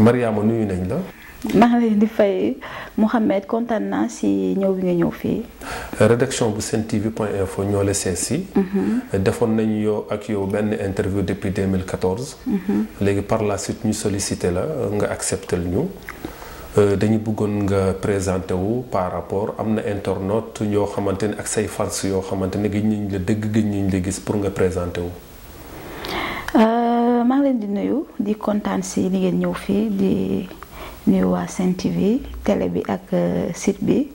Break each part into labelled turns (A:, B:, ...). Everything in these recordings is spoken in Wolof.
A: Mariama nuyu nañ la.
B: maa ngi leen di fay Mouhamed kontaan naa si ñëw bi nga ñëw fii.
A: rédaction bu Sen TV point info ñoo la sees si.
B: Mhm.
A: defoon nañu yow ak yow benn interview depuis 2014. Mhm. léegi par la suite ñu sollicité la nga acceptel ñu. Euh, dañu bëggoon nga présenté wu par rapport am na internaute yoo xamante ne ak say farce yoo xamante ne gëj ñu la dëgg ñu nañ la gis pour nga présenté wu.
B: di nuyu di kontaan si li ngeen ñëw fii di nuyu waa Sen TV télé bi ak euh, site bi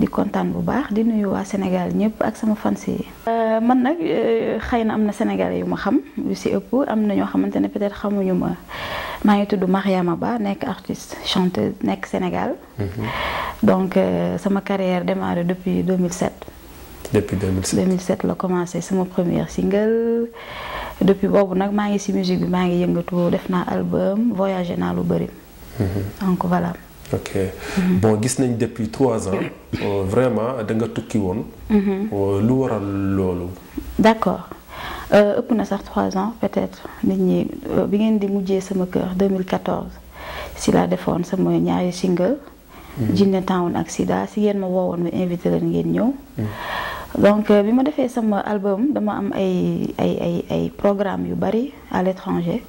B: di kontaan bu baax di nuyu waa Sénégal ñëpp ak sama fans yi. Euh, man nag euh, xëy na am na Sénégalais yu ma xam yu si ëpp am na ñoo xamante ne peut-être xamuñu ma maa ngi tudd Mariama Ba nekk artiste chanteuse nekk Sénégal. Mhm. donc sama carrière démarré depuis 2007.
A: depuis 2007
B: 2007 la commencé sama première single depuis bobu nak ma ngi ci musique bi ma ngi yëngatu def naa album voyage na lu bari mhm. donc voilà.
A: ok mhm. bon gis nañ depuis trois ans euh, vraiment da nga tukki won mhm. euh, lu waral lolu
B: D'accord. accord euh, ëpp na sax trois ans peut-être nit ñi bi ngeen di mujjee sama cœur 2014 si la defoon sama ñaari single. Jinne Town ak Sida si ngeen ma woowoon ma invité leen ngeen ñëw donc euh, bi ma defee sama album dama am ay ay ay programme yu bari à l'étranger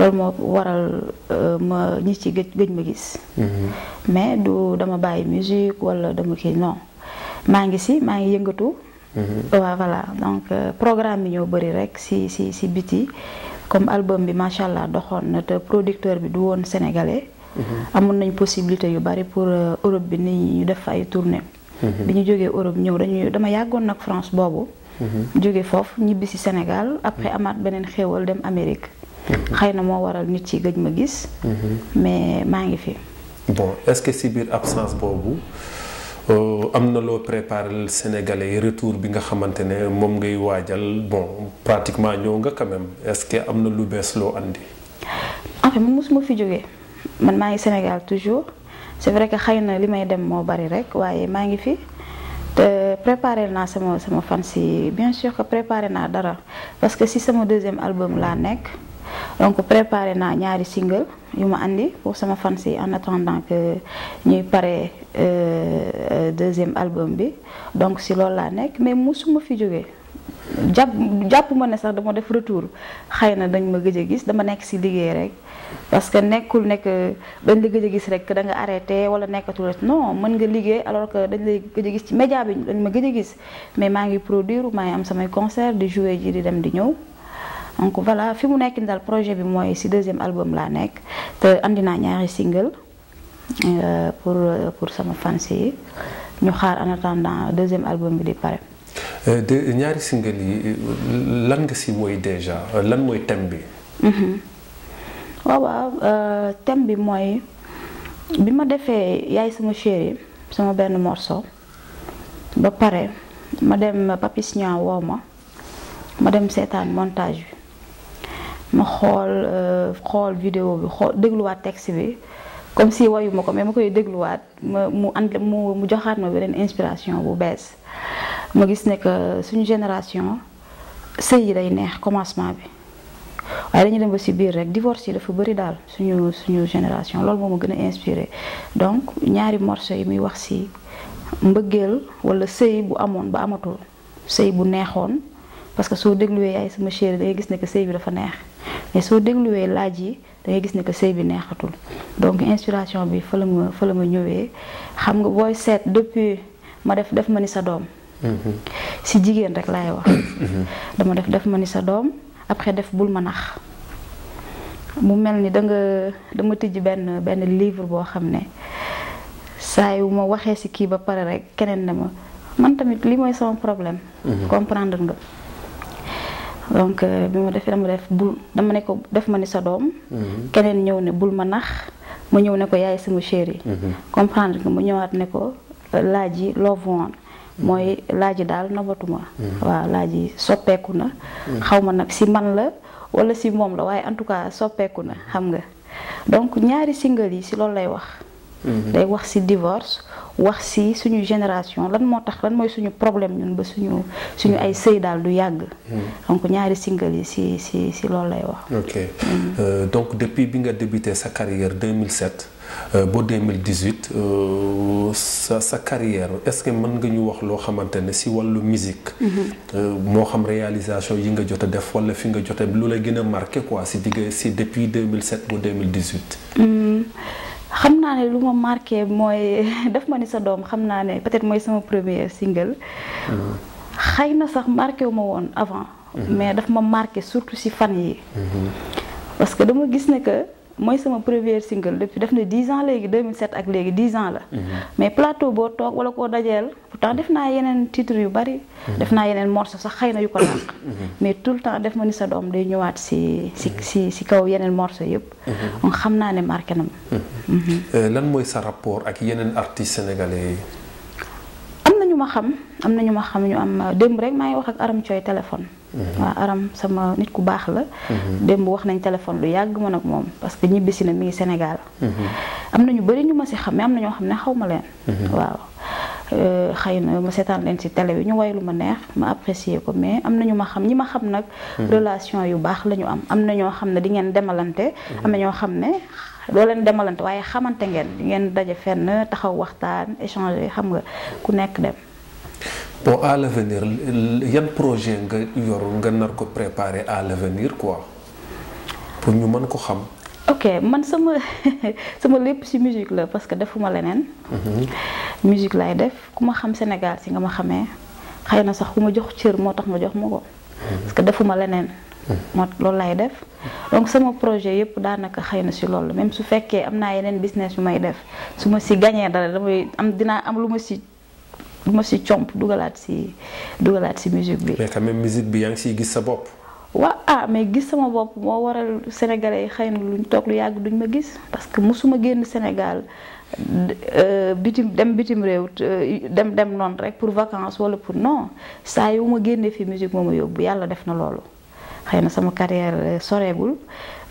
B: loolu moo waral euh, ma ñi ci gëj gëj ma gis mhm. mais du dama bàyyi musique wala dama kii non maa ngi si maa ngi yëngatu waaw mhm. voilà donc euh, programme bi ñoo bëri rek si si si biti comme album bi machallah. allah doxoon na te producteur bi du woon sénégalais mhm. amoon nañ possibilité yu bari pour Europe bi nit ñi def ay tournée bi ñu jógee Europe ñëw dañuy dama yàggoon nag France boobu. Mhm. jóge foofu ñibbi si Sénégal après mhm. amaat beneen xéewal dem Amérique. Mhm. xëy na moo waral nit ci gëj ma gis. mais maa ngi fi.
A: bon est-ce que si biir absence boobu euh, am na loo préparé Sénégalais retour bi nga xamante ne moom ngay waajal bon pratiquement ñëw nga quand même est-ce que am na lu bees loo andi.
B: en fait man mosuma fi jógee man maa ngi Sénégal toujours. c'est vrai que xëy limay dem mo bari rek waye ma ngi fi te préparer na sama sama fancy bien sûr que préparer na dara parce que si sama deuxième album la nek donc préparer na ñaari single yu ma andi pour sama fan en attendant que ñuy euh, euh deuxième album bi donc si loolu la nek mais musuma fi jogué jàpp jàpp ne sax dama def retour xëy na dañ ma gëj a gis dama nekk si liggéey rek parce que nekkul nekk dañ la gëj a gis rek da nga arrêté wala nekkatul rek non mën nga liggéey alors que dañ lay gëj a gis ci média bi dañ ma gëj a gis mais maa ngi produire maa ngi am samay concert di jouer ji di dem di ñëw donc voilà fi mu nekk dal projet bi mooy si deuxième album laa nekk te andi naa ñaari single euh, pour pour sama fans yi ñu xaar en attendant deuxième album bi di pare
A: euh, de ñaari single yi lan nga si woy déjà lan mooy thème bi.
B: Mhm. waaw waaw euh, thème bi mooy bi ma defee yaay sama chéri sama benn morceau ba pare ma dem Papis Niang woo ma ma dem seetaan montage bi. ma xool euh, xool vidéo bi xool dégluwaat texte bi comme si wayuma ko mais ma koy dégluwaat ma mu ànd mu mu joxaat ma beneen inspiration bu bees ma gis ne que suñu génération sëy yi day neex commencement bi waaye dañu dem ba si biir rek divorce yi dafa bëri daal suñu suñu génération loolu moo ma gën a inspiré donc ñaari morceau yi muy wax si mbëggeel wala sëy bu amoon ba amatul sëy bu neexoon parce que soo dégluwee yaay sama chérie da ngay gis ne que sëy bi dafa neex mais soo dégluwee laaj yi da gis ne que sëy bi neexatul donc inspiration bi fa la ma fa la ma ñëwee xam nga booy seet depuis ma def def ma ni sa doom si jigéen rek laay wax. dama def def ma ni sa doom après def bul ma nax mu mel ni da nga dama tijji benn benn livre boo xam ne saa ma waxee si kii ba pare rek keneen ne ma man tamit li mooy sama problème. Mhm. comprendre nga. donc euh, bi ma defee dama def bul dama ne ko def ma ni sa doom. Mhm. keneen ñëw ne bul ma nax ma ñëw ne ko yaay sama chéri. Mhm. comprendre nga mu ñëwaat ne ko laaj yi loo woon mooy laaj yi daal nabatuma mm-hmm. waaw laaj yi soppeeku na
C: mm-hmm. xawma
B: ma nag si man la wala si moom la waaye en tout cas soppeeku na xam nga donc ñaari single yi si loolu lay wax mm-hmm. day wax si divorce wax si suñu génération lan moo tax lan mooy suñu problème ñun ba suñu suñu ay sëy daal du yàgg. donc ñaari single yi si si si loolu lay wax.
A: ok euh, donc depuis bi nga débuté sa carrière 2007. Euh, ba 2018 euh, sa sa carrière est-ce que mën nga ñu wax loo xamante ne si wàllu musique mhm. euh, moo xam réalisation yi nga jot def wala fi nga jot lu la gën a marqué quoi si digg si depuis 2007 ba 2018.
B: Hmm. xam naa ne lu ma marqué mooy def ma ne sa doom xam naa ne peut-être mooy sama premier single. Mhm. xëy na sax marqué wu ma woon avant. Mhm. mais daf ma marqué surtout si fan yi. parce dama gis ne mooy sama premier single depuis def 10 ans léegi 2007 ak léegi 10 ans la. Mhm. mais plateau bo tok wala ko dajel pourtant def naa yeneen titres yu bari. Mhm. def naa yeneen morceaux sax xeyna yu ko nak mhm. mais tout le temps def ma ni sa dom day ñëwaat ci ci ci si kaw yenen morceaux yëpp. on xamna né marqué na ma.
A: Euh, lan moy sa rapport ak yenen artiste sénégalais yi.
B: am na ñu ma xam am na ñu ma xam ñu am démb rek maa ngi wax ak Aram Thioy téléphone. Mhm. waaw aram sama nit ku baax la mhm. démb wax nañ téléphone lu yàgg ma nag moom parce que ñibbisi na mi ngi Sénégal mhm. am na ñu bëri ñu ma si xam mais am na ñoo xam ne xaw ma leen waaw euh, xëy na ma seetaan leen ci télé ñu way ma neex ma apprécier ko mais am na ñu ma xam ñi ma xam nag relation yu baax la ñu am am na ñoo xam ne di ngeen demalante am na ñoo xam ne doo leen demalante waaye xamante ngeen di ngeen daje fenn taxaw waxtaan échanger xam nga ku nekk dem
A: bon à l'avenir y a un projet nga yor nga nar préparer à l'avenir quoi pour ñu mën ko xam.
B: ok man sama sama lépp ci musique là, parce que defuma leneen. Mhm. musique laay def ku ma xam Sénégal si nga ma xamee xëy na sax ku jox cër moo ma jox ma mhm. parce que defuma leneen. Mhm. moo loolu laay def donc sama projet yëpp daanaka xëy na si loolu même su fekkee am naa yeneen business yu may def su si gañee dara damay am dina am lu si. du ma comp dugalaat ci dugalaat si musique bi. mais quand même musique bi yaa ngi gis sa bopp. waa ah mais gis sama bopp moo waral sénégalais yi xëy na luñ toog lu yàgg duñ ma gis parce que musuma génn Sénégal euh, bitim dem bitim réew dem dem noonu rek pour vacances wala pour non saa yu ma génnee fi musique moo ma yóbbu yàlla def na loolu. na sama carrière euh,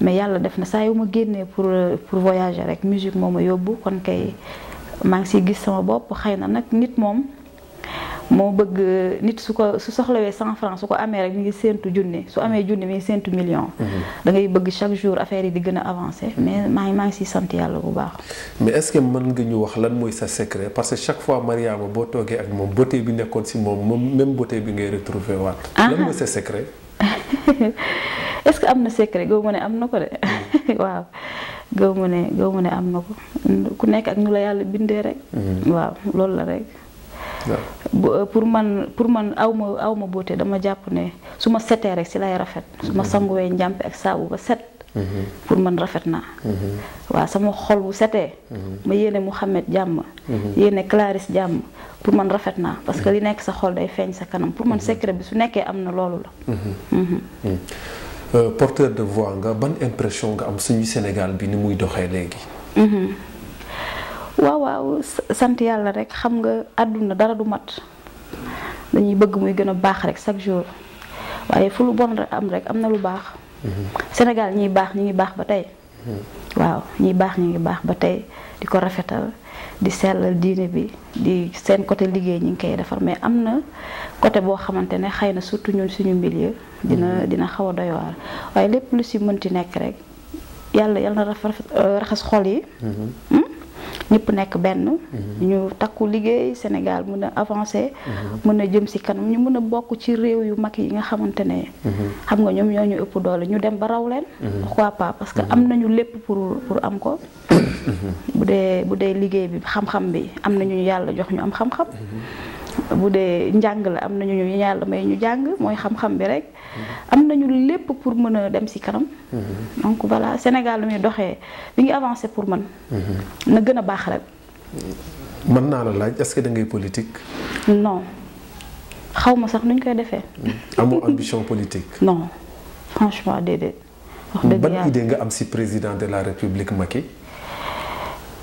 B: yàlla def na saa yu ma génnee pour euh, pour voyager rek musique moo yóbbu kon maa ngi siy gis sama bopp xëy na nag nit moom. moo bëgg nit su ko su soxlawee cent franc su ko amee rek mi ngi séentu junni su amee junni mi sentu séentu million. Mhm. da ngay bëgg chaque jour affaire yi di gën a avancé mais maa ngi maa ngi siy bu baax.
A: mais est ce que mën nga ñu wax lan mooy sa secret parce que chaque fois Mariama boo toogee ak moom beauté bi nekkoon si moom même beauté bi ngay retrouver wat. Ah. lan mooy sa secret.
B: est ce que am secret gëw ma ne am na ko de mm. waaw gëw ma ne gëw ma ne am na ko ku nekk ak ñu la yàlla bindee rek. Mm. waaw loolu la rek. Euh, pour man pour man aw ma aw ma beauté dama jàpp ne su ma setee rek si lay rafet su ma sanguwee njàmpe ak saabu ba set pour man rafet naa waaw sama xol bu setee ma yéene Mouhamed jàmm yéene Clarisse jàmm pour man rafet naa parce que li nekk sa xol day feeñ sa kanam pour man secret bi su nekkee am na loolu la
A: euh, porteur de voix nga ban impression nga am suñu Sénégal bi ni muy doxee léegi
B: mhm. waaw waaw sant yàlla rek xam nga àdduna dara du mat dañuy bëgg muy gën a baax rek chaque jour waaye fu lu bon am rek am na lu baax. Mhm. Sénégal ñiy baax ñu ngi baax ba tey. Mhm. waaw ñiy baax ñu ngi baax ba tey di ko rafetal di sellal diine bi di seen côté liggéey ñi ngi koy defar mais am na côté boo xamante ne xëy na surtout ñun suñu milieu. dina mhm. dina xaw a doy waaye lépp lu si mënti nekk rek yàlla yàlla na rafet euh, raxas xol yi.
C: Hmm?
B: ñëpp nekk benn. Mhm. ñu takku liggéey Sénégal mun a avancé mhm. mën a jëm si kanam ñu mën a bokk ci réew yu mag yi nga xamante ne. Mhm. xam nga ñoom ñoo ñu ëpp doole ñu dem ba raw leen. pourquoi pas parce que am nañu lépp pour pour am ko. bu dee bu dee liggéey bi xam-xam bi am nañu yàlla jox ñu am xam-xam. bu dee njàng la am nañu ñu yàlla may ñu jàng mooy xam-xam bi rek am nañu lépp pour mën a dem si kanam donc voilà Sénégal lu muy doxee bi avancé pour man gën a baax rek
A: mën naa la laaj est que da ngay politique
B: non xaw ma sax nuñ koy defee
A: amoo ambition politique
B: non franchement déedéet wax dëgg yàlla ban
A: idée nga am si président de la République Macky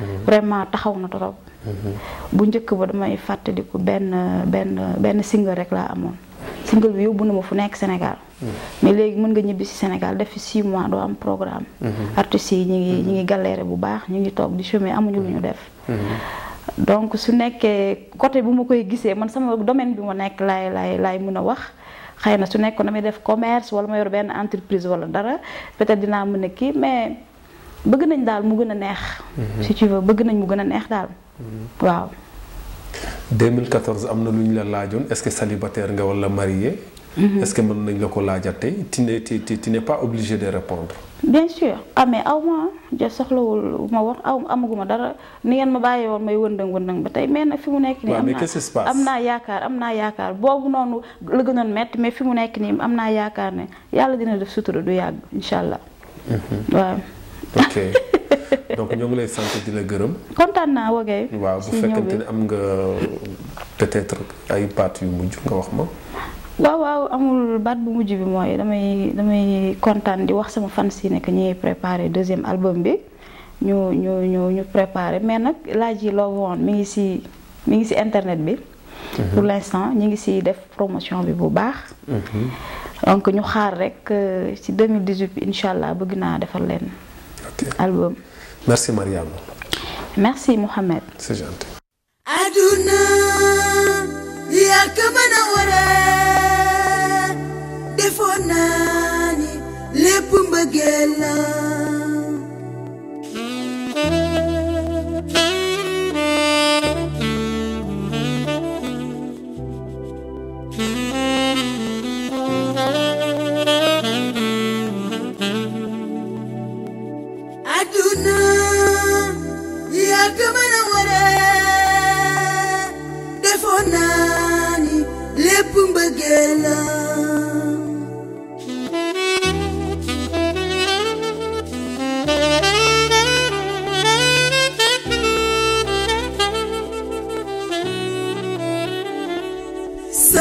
C: Mhm. vraiment
B: taxaw na trop. Mhm. bu njëkk ba damay fàttaliku benn benn benn single rek laa amoon single bi yóbbu na ma fu nekk Sénégal. Mhm. mais léegi mën nga ñibbi si Sénégal def fi 6 mois doo am programme. artistes yi ñu ngi ñu ngi galéré bu baax ñu ngi toog di chômer amuñu lu ñu def. donc su nekkee côté bu ma koy gisee man sama domaine bi ma nekk laay laay laay mën a wax. xëy na su nekkoon damay def commerce wala ma yor benn entreprise wala dara peut dinaa mën a kii bëgg nañ mu mhm. si tu veux bëgg
A: 2014 mhm. am na la est-ce que célibataire nga wala marié. Mhm. est-ce que mën nañ tu n'es pas obligé de répondre.
B: bien sûr ah mais aw ma ja soxlawul ma wax aw amaguma dara ni ma bàyyi woon may wëndëng wëndëng ba tey mais nag fi nekk nii. am naa yaakaar am naa yaakaar mais ne dina def
A: ok donc nous ngi lay sant di la gërëm.
B: Content naa ok. waaw bu fekkente ne
A: am nga peut-être ay baat yu mujj nga wax ma.
B: waaw amul bad bu mujj bi mooy damay damay kontaan di wax sama fans yi ne que préparé deuxième album bi ñu ñu ñu nyu préparé mais nag laaj yi loo mi ngi si mi ngi si internet bi. Mhm. pour l'instant ñu ngi si def promotion bi bu baax. Mhm. donc ñu xaar rek ci euh, 2018 bi incha bëgg album
A: merci Mariama
B: merci Mouhamed c'est gentil
C: aduna yaa ka mën a waree defoon naa ni lépp mbëggee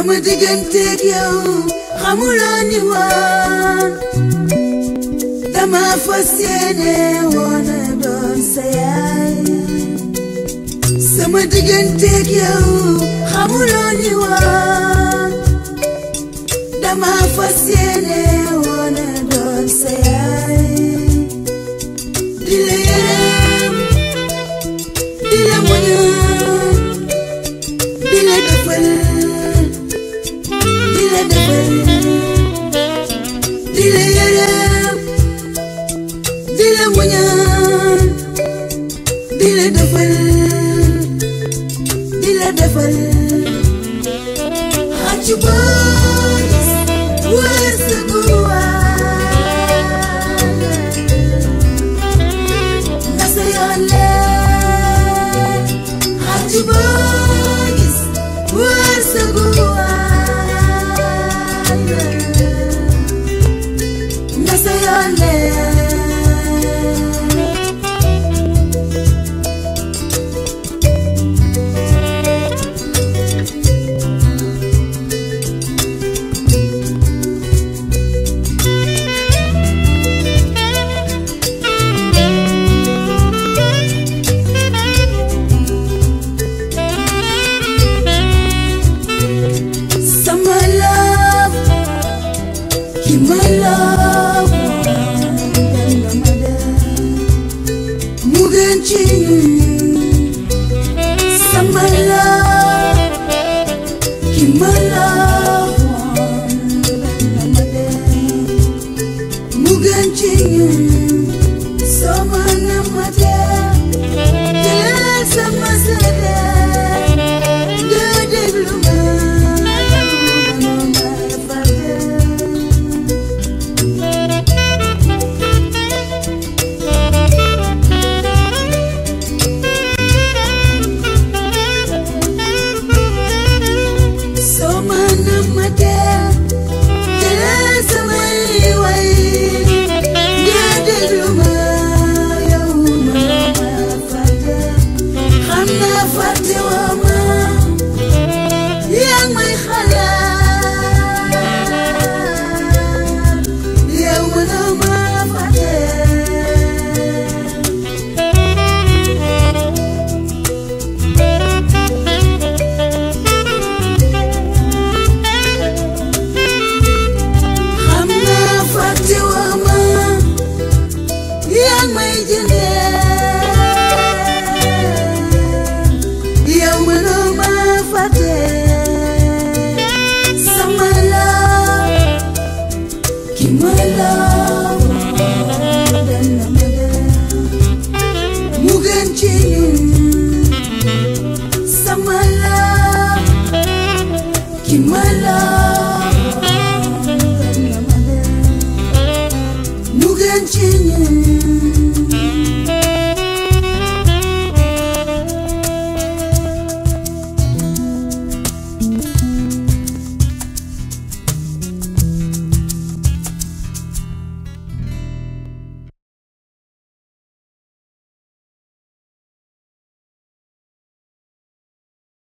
C: sama digganteeg yow xamuloo ni woon dama fas yéene woon a doon sa yaay sama digganteeg yow xamuloo ni woon dama fas yéene woon a doon sa yaay di la daban a boys, ba